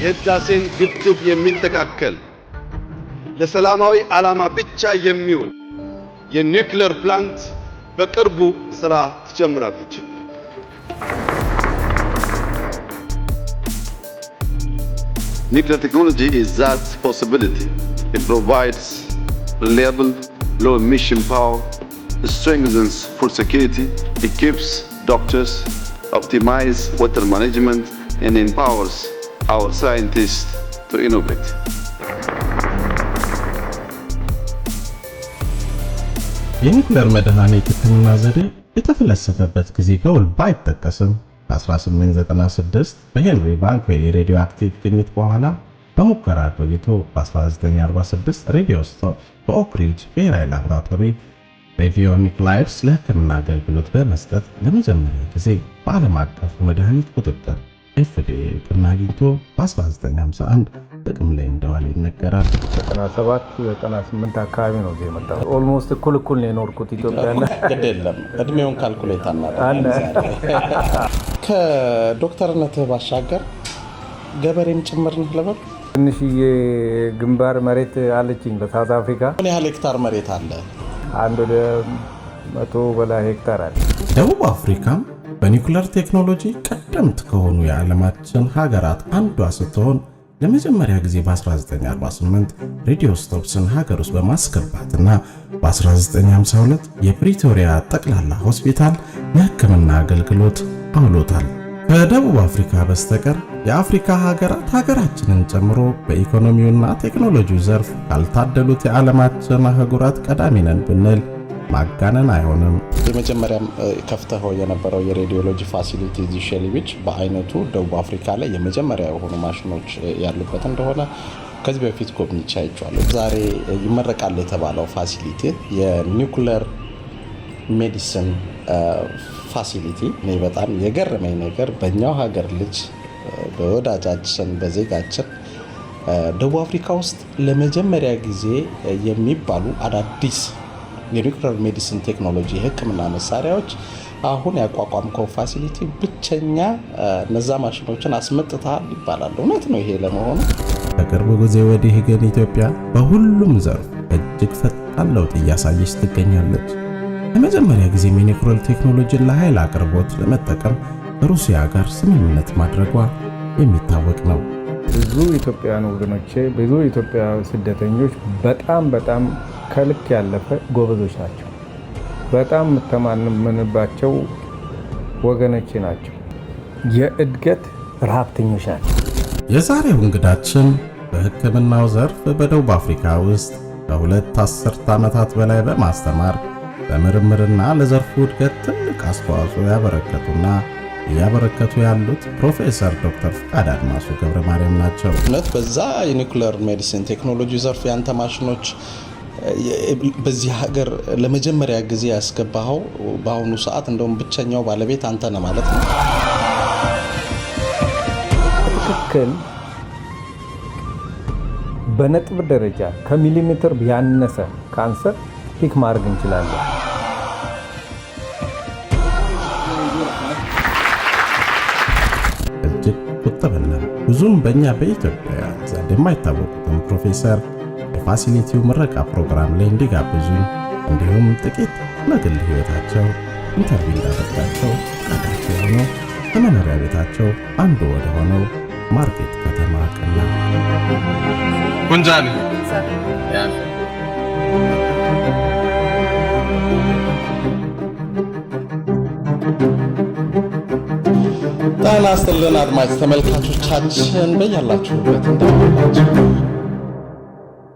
የህዳሴን ግድብ የሚተካከል ለሰላማዊ ዓላማ ብቻ የሚውል የኒውክሌር ፕላንት በቅርቡ ስራ ትጀምራለች። Nuclear technology is that possibility. It provides reliable, low-emission power, strengthens food security, it keeps doctors, optimizes water management, and empowers our scientists to innovate. የሂትለር መድኃኒት ሕክምና ዘዴ የተፈለሰፈበት ጊዜ ገውል ባይጠቀስም በ1896 በሄንሪ ማንክዌል የሬዲዮ አክቲቭ ግኝት በኋላ በሙከራ ቆይቶ በ1946 ሬዲዮ ስቶፕ በኦክሪጅ ብሔራዊ ላቦራቶሪ ሬዲዮኒክላይድስ ለሕክምና አገልግሎት በመስጠት ለመጀመሪያ ጊዜ በዓለም አቀፉ መድኃኒት ቁጥጥር ኤፍዴጥን አግኝቶ በ1951 ጥቅም ላይ እንደዋለ ይነገራል። 97 98 አካባቢ ነው የመጣው። ኦልሞስት እኩል እኩል ነው የኖርኩት ኢትዮጵያ። ግድ የለም እድሜውን ካልኩሌት አናደርግም። ከዶክተርነትህ ባሻገር ገበሬም ጭምር ነህ ልበል? ትንሽዬ ግንባር መሬት አለችኝ በሳውት አፍሪካ። ምን ያህል ሄክታር መሬት አለ? አንድ ወደ መቶ በላይ ሄክታር አለ። ደቡብ አፍሪካም በኒኩለር ቴክኖሎጂ ቀደምት ከሆኑ የዓለማችን ሀገራት አንዷ ስትሆን ለመጀመሪያ ጊዜ በ1948 ሬዲዮ ስቶፕስን ሀገር ውስጥ በማስገባትና በ1952 የፕሪቶሪያ ጠቅላላ ሆስፒታል የሕክምና አገልግሎት አውሎታል። ከደቡብ አፍሪካ በስተቀር የአፍሪካ ሀገራት ሀገራችንን ጨምሮ በኢኮኖሚውና ቴክኖሎጂው ዘርፍ ካልታደሉት የዓለማችን አህጉራት ቀዳሚ ነን ብንል ማጋነን አይሆንም። የመጀመሪያም ከፍተው የነበረው የሬዲዮሎጂ ፋሲሊቲ እዚህ በአይነቱ ደቡብ አፍሪካ ላይ የመጀመሪያ የሆኑ ማሽኖች ያሉበት እንደሆነ ከዚህ በፊት ጎብኝቻ አይቼዋለሁ። ዛሬ ይመረቃል የተባለው ፋሲሊቲ የኒውክለር ሜዲሲን ፋሲሊቲ እኔ በጣም የገረመኝ ነገር በእኛው ሀገር ልጅ በወዳጃችን በዜጋችን ደቡብ አፍሪካ ውስጥ ለመጀመሪያ ጊዜ የሚባሉ አዳዲስ የኒክሌር ሜዲሲን ቴክኖሎጂ የህክምና መሳሪያዎች አሁን ያቋቋምከው ፋሲሊቲ ብቸኛ እነዛ ማሽኖችን አስመጥተሃል ይባላል። እውነት ነው ይሄ ለመሆኑ? ከቅርብ ጊዜ ወዲህ ግን ኢትዮጵያ በሁሉም ዘርፍ እጅግ ፈጣን ለውጥ እያሳየች ትገኛለች። ለመጀመሪያ ጊዜ የኒውክሌር ቴክኖሎጂን ለኃይል አቅርቦት ለመጠቀም ከሩሲያ ጋር ስምምነት ማድረጓ የሚታወቅ ነው። ብዙ ኢትዮጵያውያን ወገኖቼ ብዙ ኢትዮጵያ ስደተኞች በጣም በጣም ከልክ ያለፈ ጎበዞች ናቸው። በጣም የምተማመንባቸው ወገኖቼ ናቸው። የእድገት ረሃብተኞች ናቸው። የዛሬው እንግዳችን በሕክምናው ዘርፍ በደቡብ አፍሪካ ውስጥ ከሁለት አስርት ዓመታት በላይ በማስተማር በምርምርና ለዘርፉ እድገት ትልቅ አስተዋጽኦ ያበረከቱና እያበረከቱ ያሉት ፕሮፌሰር ዶክተር ፍቃድ አድማሱ ገብረ ማርያም ናቸው። እውነት በዛ የኒኩለር ሜዲሲን ቴክኖሎጂ ዘርፍ ያንተ ማሽኖች በዚህ ሀገር ለመጀመሪያ ጊዜ ያስገባኸው በአሁኑ ሰዓት እንደውም ብቸኛው ባለቤት አንተ ነህ ማለት ነው። ትክክል። በነጥብ ደረጃ ከሚሊሜትር ያነሰ ካንሰር ፒክ ማድረግ እንችላለን። እጅግ ቁጥብና ብዙም በእኛ በኢትዮጵያ ዘንድ የማይታወቁትን ፕሮፌሰር በፋሲሊቲው ምረቃ ፕሮግራም ላይ እንዲጋብዙኝ እንዲሁም ጥቂት ለግል ሕይወታቸው ኢንተርቪው እንዳደረጋቸው ቃላቸው ሆኖ ከመኖሪያ ቤታቸው አንዱ ወደ ሆነው ማርኬት ከተማ ቀና። ጉንጃን ጤና ይስጥልን አድማጭ ተመልካቾቻችን በያላችሁበት እንደምናችሁ